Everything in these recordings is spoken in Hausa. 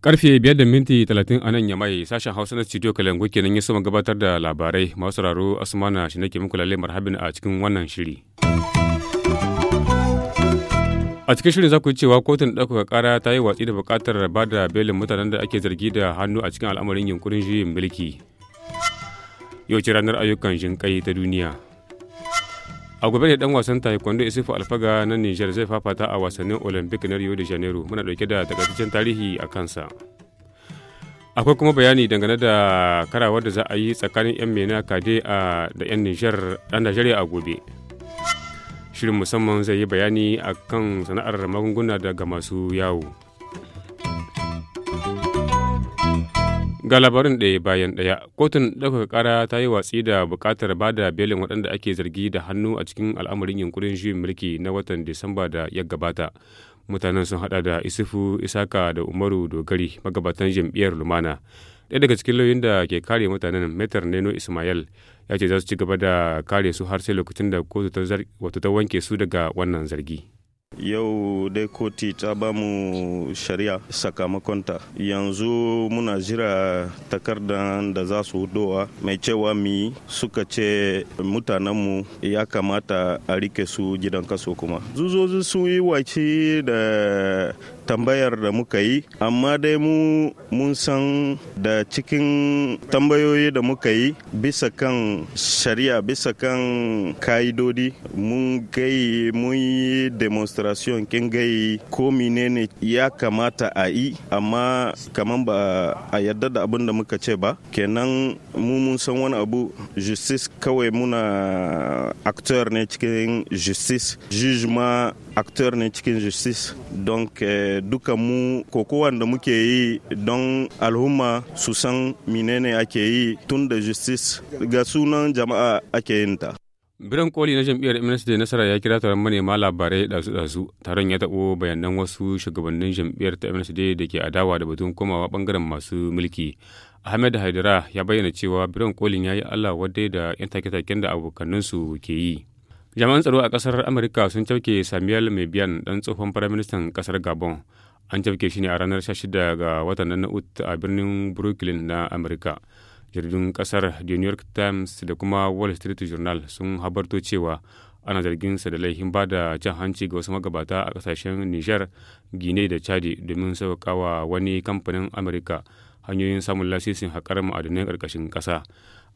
Karfe biyar da minti talatin a nan ya mai sashen Hausa na studio Kalangu kenan ya sama gabatar da labarai masu sauraro Asmana shi nake muku lalle marhabin a cikin wannan shiri. a cikin shirin za ku cewa kotun ɗaukaka kara ta yi watsi da bukatar ba da belin mutanen da ake zargi da hannu a cikin al'amarin yunkurin juyin mulki yau ce ranar ayyukan jinƙai ta duniya a gobe ne dan wasan taekwondo isufu alfaga na niger zai fafata a wasannin olympic na rio de janeiro muna dauke da takaitaccen tarihi a kansa akwai kuma bayani dangane da karawar da za a yi tsakanin 'yan mena kade a da 'yan najeriya a gobe shirin musamman zai yi bayani akan sana'ar magunguna daga masu yawo Ga labarin ɗaya bayan ɗaya, kotun ɗaukaka ƙara ta yi watsi da buƙatar ba da belin waɗanda ake zargi da hannu a cikin al'amarin yunkurin juyin mulki na watan Disamba da ya gabata. Mutanen sun haɗa da Isufu Isaka da Umaru Dogari magabatan jam'iyyar Lumana. Ɗaya daga cikin lauyin da ke kare mutanen Metar Neno Ismail ya ce za su ci gaba da kare su har sai lokacin da kotu ta wanke su daga wannan zargi. yau dai koti ta ba mu shari'a sakamakonta yanzu muna jira takardar da za su hudowa mai cewa mi suka ce mutanenmu ya kamata a rike su gidan kaso kuma zuzozi sun yi waci da tambayar da muka yi amma dai mu mun san da cikin tambayoyi da muka yi bisa kan shari'a bisa kan ka'idodi mun gai mun yi demonstration kin gai ko menene ya kamata a yi amma kamar ba a yarda da abin da muka ce ba kenan mu mun san wani abu justice kawai muna acteur ne cikin justice juge ma acteur ne cikin justice donc eh, duka mu kokowan da muke yi don al'umma su san menene ake yi tun da justice ga sunan jama'a ake yin ta biran koli na jam'iyyar mns da nasara ya kira taron manema labarai ɗazu taron ya taɓo bayanan wasu shugabannin jam'iyyar ta mns da ke adawa da batun komawa bangaren masu mulki ahmed haidara ya bayyana cewa biran kolin ya yi allah wadai da 'yan take-taken da abokanninsu ke yi jami'an tsaro a kasar amurka sun cafke samuel mabian dan tsohon firaministan kasar gabon an cafke shi ne a ranar 16 ga watan na ut a birnin brooklyn na amurka jirgin kasar the new york times da kuma wall street journal sun habarto cewa ana zargin sa da laifin ba da cin hanci ga wasu magabata a kasashen niger guinea da chadi domin sauƙawa wani kamfanin amurka hanyoyin samun lasisin haƙar ma'adanan ƙarƙashin ƙasa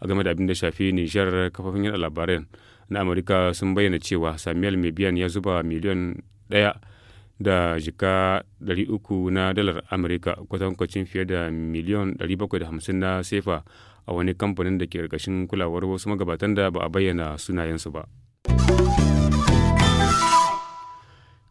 a game da abin da shafi niger kafafin yin labaran na amurka sun bayyana cewa samuel mebian ya zuba miliyan ɗaya da jika 300 na dalar amurka kwatankwacin fiye da miliyan 750 na sefa a wani kamfanin da ke ƙarƙashin kulawar wasu magabatan da ba a bayyana sunayensu ba.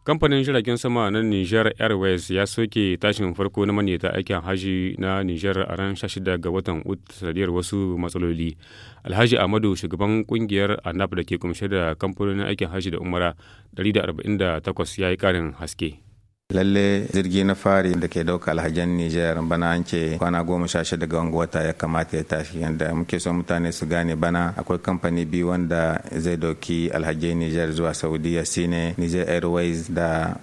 Kamfanin jiragen sama na Niger Airways ya soke tashin farko na manyata aikin haji na Niger a ran 16 ga watan Ut sanadiyar wasu matsaloli. Alhaji Ahmadu shugaban kungiyar ANAP da ke kumshe da kamfanin aikin haji da Umara 148 ya yi karin haske. lalle jirgi na fari da ke dauka alhajan niger bana an ce kwana goma sha shida ga wanga wata ya kamata ya tashi yadda muke so mutane su gane bana akwai kamfani biyu wanda zai doki alhajai niger zuwa saudiya sine niger airways da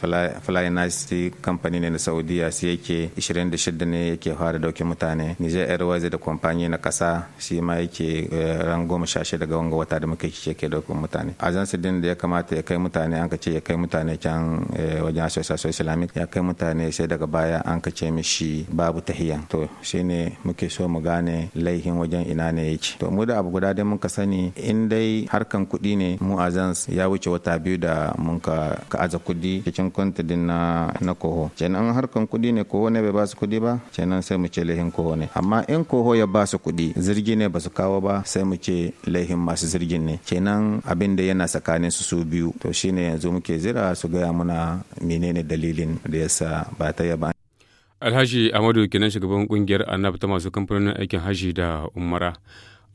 nasty kamfani ne na saudiya su yake 26 ne yake fara dauki mutane niger airways da kamfani na kasa shi ma yake eh, ran goma sha shida ga wanga wata da muke kike ke dauki mutane azansu din da ya kamata ya kai mutane an ka ce ya kai mutane can eh, wajen asosiyar islamic ya kai mutane sai daga baya an kace mishi babu tahiya to shine muke so mu gane laihin wajen ina ne yake to mu da abu guda dai muka sani in dai harkan kuɗi ne mu azans ya wuce wata biyu da mun ka aza kuɗi cikin kwantadin na na koho kenan harkan kuɗi ne koho ne bai ba su kuɗi ba kenan sai mu ce laihin koho ne amma in koho ya ba su kuɗi zirgi ne ba su kawo ba sai mu ce laihin masu zirgin ne kenan abin da yana tsakanin su su biyu to shine yanzu muke zira su gaya muna menene dalili dalilin da ya sa ba ta yaba. Alhaji Amadu kenan shugaban kungiyar Annab ta masu kamfanonin aikin haji da umara.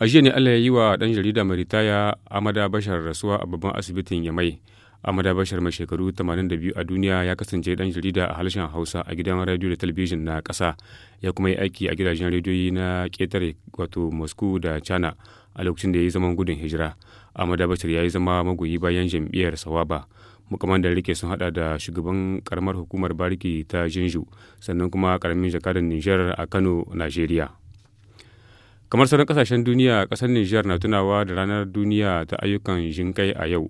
A jiya ne Allah ya yi wa ɗan jarida mai ritaya Amada Bashar rasuwa a babban asibitin Yamai. Amada Bashar mai shekaru 82 a duniya ya kasance dan jarida a harshen Hausa a gidan rediyo da talabijin na ƙasa ya kuma yi aiki a gidajen rediyoyi na ƙetare wato Moscow da China a lokacin da ya yi zaman gudun hijira. Amada Bashar ya yi zama magoyi bayan jam'iyyar Sawaba. Mukamman da rike sun hada da shugaban karamar hukumar bariki ta Jinju sannan kuma karamin jakadan Nijar a Kano, Najeriya. Kamar sauran kasashen duniya, kasar Nijar na tunawa da ranar duniya ta ayyukan jinkai a yau.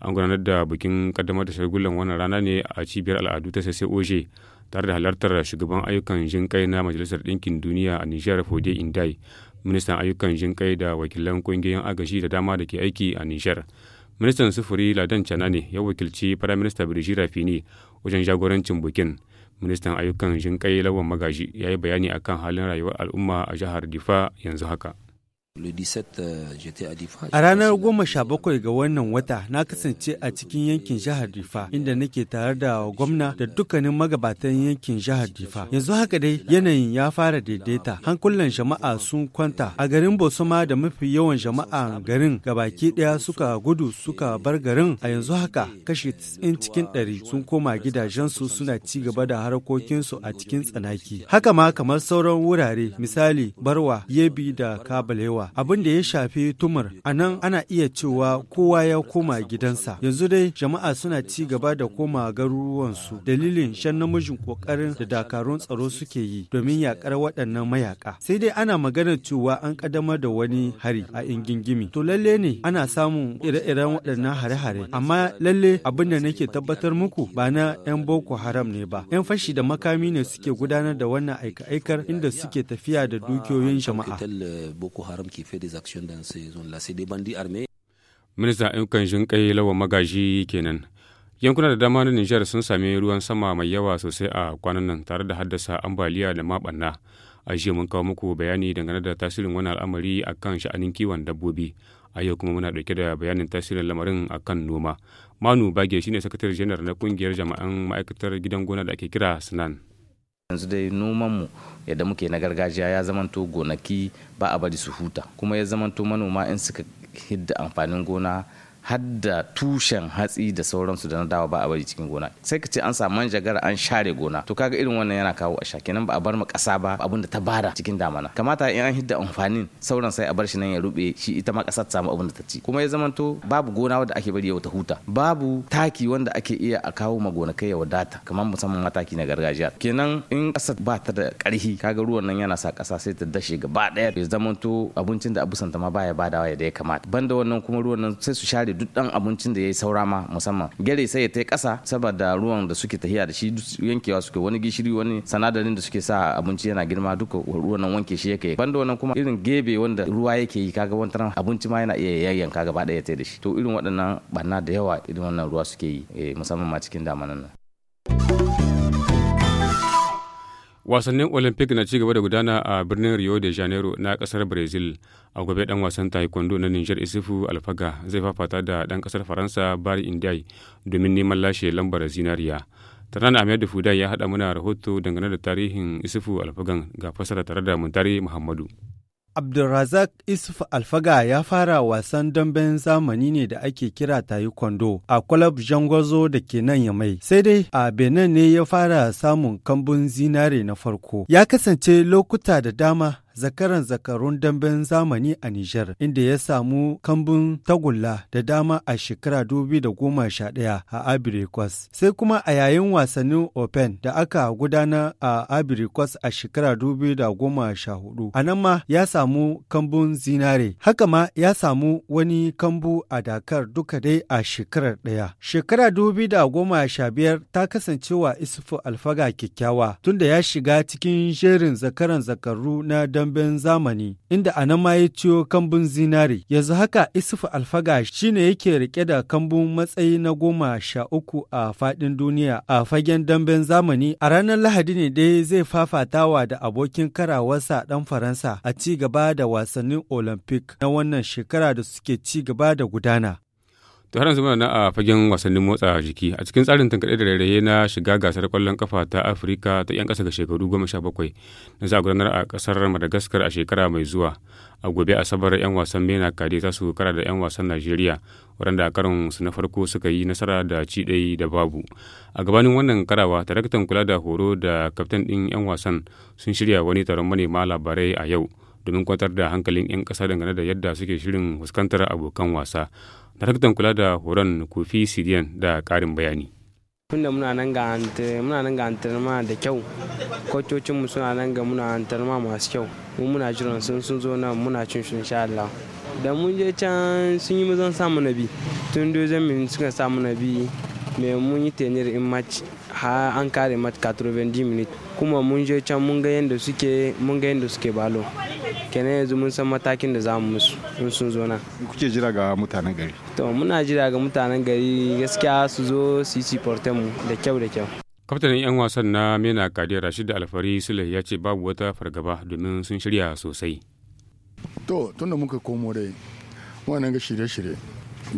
an gudanar da bikin kaddamar da shagulan wannan rana ne a cibiyar al'adu ta oje tare da halartar shugaban ayyukan jinƙai na majalisar ɗinkin duniya a nijar fode indai ministan ayyukan jinƙai da wakilan ƙungiyoyin agaji da dama da ke aiki a nijar ministan sufuri ladan cana ne ya wakilci firaminista birjira fini wajen jagorancin bikin ministan ayyukan jinƙai lawan magaji ya yi bayani akan halin rayuwar al'umma a jihar difa yanzu haka Euh, a ranar goma sha bakwai ga wannan wata na kasance a cikin yankin jihar Difa inda nake tare da gwamna da dukkanin magabatan yankin jihar Difa. Yanzu haka dai yanayin ya fara daidaita hankulan jama'a sun kwanta a garin Bosoma da mafi yawan jama'a garin ga baki daya suka gudu suka bar garin a yanzu haka kashi 90 cikin ɗari sun koma gidajensu suna ci gaba da harkokinsu a cikin tsanaki. Haka ma kamar sauran wurare misali Barwa, Yebi da Kabalewa abin da ya shafi tumur a nan ana iya cewa kowa ya koma gidansa yanzu dai jama'a suna ci gaba da koma garuruwansu dalilin shan namijin kokarin da dakarun tsaro suke yi domin yakar waɗannan mayaka sai dai ana maganar cewa an ƙaddamar da wani hari a ingingimi to lalle ne ana samun ire-iren waɗannan hare-hare amma lalle abin da nake tabbatar muku ba na 'yan boko haram ne ba 'yan fashi da makami ne suke gudanar da wannan aika-aikar inda suke tafiya da dukiyoyin jama'a qui fait des actions dans ces zones-là. C'est des bandits armés. ayyukan jinƙai lawan magaji kenan. yankuna da dama na nijar sun sami ruwan sama mai yawa sosai a kwanan nan tare da haddasa ambaliya da maɓanna a jiya mun kawo muku bayani dangane da tasirin wani al'amari a kan sha'anin kiwon dabbobi a yau kuma muna dauke da bayanin tasirin lamarin a kan noma manu bage shine sakatare janar na kungiyar jama'an ma'aikatar gidan gona da ake kira sinan yanzu dai mu yadda muke na gargajiya ya zamanto gonaki ba a bari su huta kuma ya zamanto manoma in suka hidda amfanin gona hadda tushen hatsi da sauransu da na dawa ba a bari cikin gona sai ka ce an samu manjagara an share gona to kaga irin wannan yana kawo a kenan ba a bar mu kasa ba abin da ta bada cikin damana kamata in an hidda amfanin sauran sai a bar shi nan ya rube shi ita ma kasa ta samu abin da ta ci kuma ya zamanto babu gona wanda ake bari ya ta huta babu taki wanda ake iya a kawo ma gonakai ya wadata kamar musamman mataki na gargajiya kenan in kasar ba ta da karhi kaga ruwan nan yana sa kasa sai ta dashe gaba daya ya zamanto abincin da abusanta ma baya badawa yadda ya kamata banda wannan kuma ruwan nan sai su share duk dan abincin da yayi saura ma musamman gare sai ya tai kasa saboda ruwan da suke tahiya da shi yankewa suke wani gishiri wani sanadarin da suke sa abinci yana girma duka ruwan nan wanke shi yake banda wannan kuma irin gebe wanda ruwa yake yi kaga wani abinci ma yana iya yayyanka gaba daya tai da shi to irin waɗannan banna da yawa irin wannan ruwa suke yi eh, musamman ma cikin damanan nan wasannin olympic na cigaba da gudana a birnin rio de janeiro na kasar brazil a gobe dan wasan taekwondo na niger isifu alfaga zai fafata da dan kasar faransa bari indiai domin neman lashe lambar zinariya tarana ahmed fudai ya hada muna rahoto dangane da tarihin isifu alfagan ga fasara tare da muntari muhammadu Abdulrazak Isuf Alfaga ya fara wasan damben zamani ne da ake kira 'Tayi taekwondo a kwalab jangwazo da ke nan ya mai. Sai dai a Benin ne ya fara samun kambun zinare na farko. Ya kasance lokuta da dama zakaran zakarun damben zamani a Nijar, inda ya samu kambun tagulla da dama a shekara ɗaya a Kwas. Sai kuma a yayin wasannin Open da aka gudana a Kwas a shekara hudu A nan ma ya samu kambun zinare. Haka ma ya samu wani kambu a Dakar duka dai a shekarar ɗaya. Shekara biyar ta kasancewa Isufu Alfaga kyakkyawa tunda ya shiga cikin jerin zakaran zakaru na damben damben zamani, inda a nan ma ya ciyo kambun zinari. Yanzu haka Isuf Alfaga shine yake rike da kambun matsayi na goma sha uku a fadin duniya a fagen damben zamani. A ranar Lahadi ne dai zai fafatawa da abokin karawarsa dan Faransa a ci gaba da wasannin Olympic na wannan shekara da suke ci gaba da gudana. To har yanzu muna na a fagen wasannin motsa jiki a cikin tsarin tankaɗe da rairaye na shiga gasar ƙwallon kafa ta afirika ta 'yan ƙasa ga shekaru goma sha bakwai na za a gudanar a ƙasar madagaskar a shekara mai zuwa. A gobe Asabar 'yan wasan mena Kade za su kara da 'yan wasan Najeriya waɗanda a karon su na farko suka yi nasara da ci ɗai da babu. A gabanin wannan karawa taraktan kula da horo da kaftan ɗin 'yan wasan sun shirya wani taron manema labarai a yau domin kwantar da hankalin 'yan ƙasa dangane da yadda suke shirin fuskantar abokan wasa. daraktan kula da horon kofi sidiyan da karin bayani tunda muna nan ga muna nan ga antarma da kyau kococin mu suna nan ga muna antarma masu kyau mu muna jiran sun sun zo nan muna cin shi insha Allah da mun je can sun yi mazan samu nabi tun dozan min suka samu nabi mai mun yi tenir in match har an kare mat 90 min kuma mun je can mun ga yadda suke mun ga yadda suke balo kenan yanzu mun san matakin da za mu musu in sun zo na. kuke jira ga mutanen gari to muna jira ga mutanen gari gaskiya su zo su yi mu da kyau da kyau kaftanin 'yan wasan na mena kadiyar rashid alfari sulai ya ce babu wata fargaba domin sun shirya sosai to tunda muka komo dai wannan ga shirye-shirye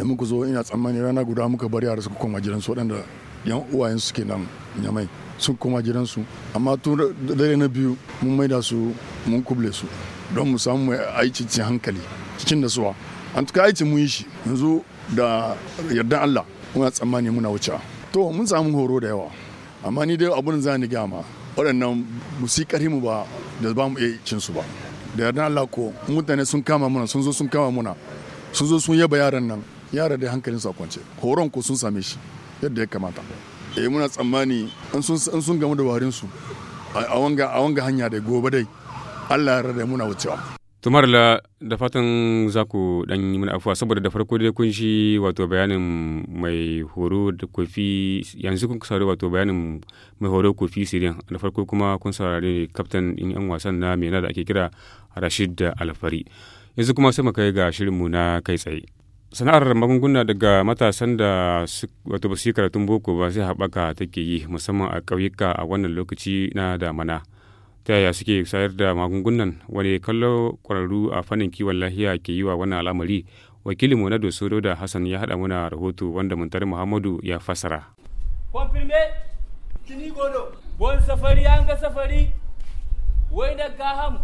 da muka zo ina tsammani rana guda muka bari a suka koma jiran su waɗanda yan uwayen su kenan nyamai sun koma gidansu amma tun dare na biyu mun maida su mun kuble su don mu samu aiki cin hankali cikin da suwa an tuka aiki mun yi shi yanzu da yardan Allah muna tsammani muna wuce to mun samu horo da yawa amma ni dai abun za ni gama waɗannan ƙari mu ba da ba mu iya cin su ba da yardan Allah ko mutane sun kama muna sun zo sun kama muna sun zo sun yaba yaran nan yara da hankalin su a kwance horon ko sun same shi yadda ya kamata e muna tsammani in sun gamu da warin su a wanga hanya da gobe dai allah ya rada muna wucewa tumarla da fatan za ku dan yi mana afuwa saboda da farko dai kun shi wato bayanin mai horo da kofi yanzu kun saurari wato bayanin mai horo kofi sirin da farko kuma kun saurari kaftan in yan wasan na mena da ake kira rashid da alfari yanzu kuma sai mu kai ga shirinmu na kai tsaye sana'ar magunguna daga matasan da wato ba su yi karatun boko ba sai haɓaka take yi musamman a ƙauyuka a wannan lokaci na damana ta yaya suke sayar da magungunan wani kallo ƙwararru a fannin kiwon lafiya ke yi wa wannan al'amari mu na dosoro da hassan ya haɗa muna rahoto wanda muntari muhammadu ya fassara safari an ga safari wai da gaham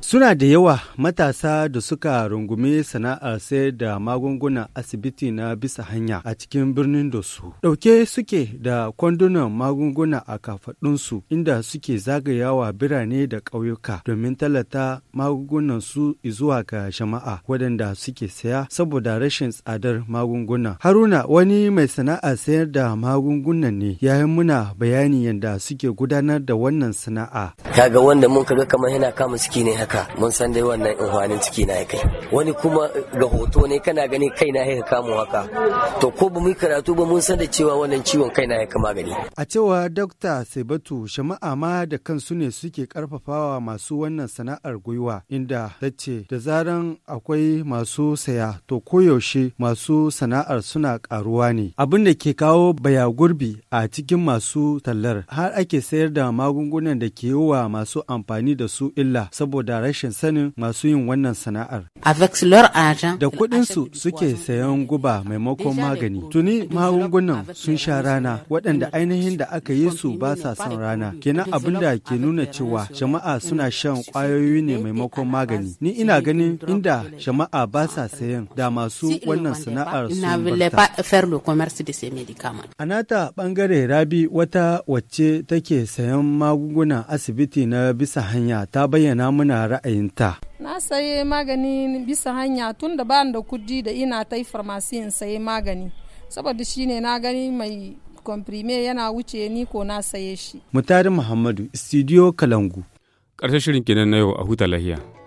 Suna da yawa matasa da suka rungume sana'ar sayar da magungunan asibiti na bisa hanya a cikin birnin da su. Ɗauke suke da kwandunan magunguna a kafaɗunsu inda suke zagayawa birane da ƙauyuka domin talata magungunan su zuwa ga jama'a waɗanda suke saya saboda rashin tsadar magunguna. Haruna wani mai sana'a sayar da magungunan ne yayin muna bayani yadda suke gudanar da wannan sana'a. Kaga wanda mun kaga kuma yana kama ciki ne haka mun san dai wannan inhwanin ciki na ya kai wani kuma ga hoto ne kana gani kai na ya kama haka to ko ba mu yi karatu ba mun san da cewa wannan ciwon kai na ya kama a cewa dokta saibatu shama'a ma da kansu ne suke karfafawa masu wannan sana'ar gwiwa inda ta ce da zaran akwai masu saya to koyaushe masu sana'ar suna karuwa ne abin da ke kawo baya gurbi a cikin masu tallar har ake sayar da magungunan da ke yi wa masu amfani da su illa saboda rashin sanin masu yin wannan sana'ar. Da kuɗinsu suke sayan guba maimakon magani. Tuni magungunan sun sha rana waɗanda ainihin da aka yi su ba sa son rana. Kenan abin da ke nuna cewa jama'a suna shan ƙwayoyi ne maimakon magani. Ni ina ganin inda jama'a ba sa sayan da masu wannan sana'ar sun A nata ɓangare Rabi wata wacce take sayan magunguna asibiti na bisa hanya ta bayyana muna ra'ayinta. Na sayi magani bisa hanya tun da ba da kudi da ina ta yi farmasi in sayi magani. Saboda shi ne na gani mai komprime yana wuce ni ko na saye shi. Mutari Muhammadu, Studio Kalangu. Ƙarshen shirin kenan na yau a huta lahiya.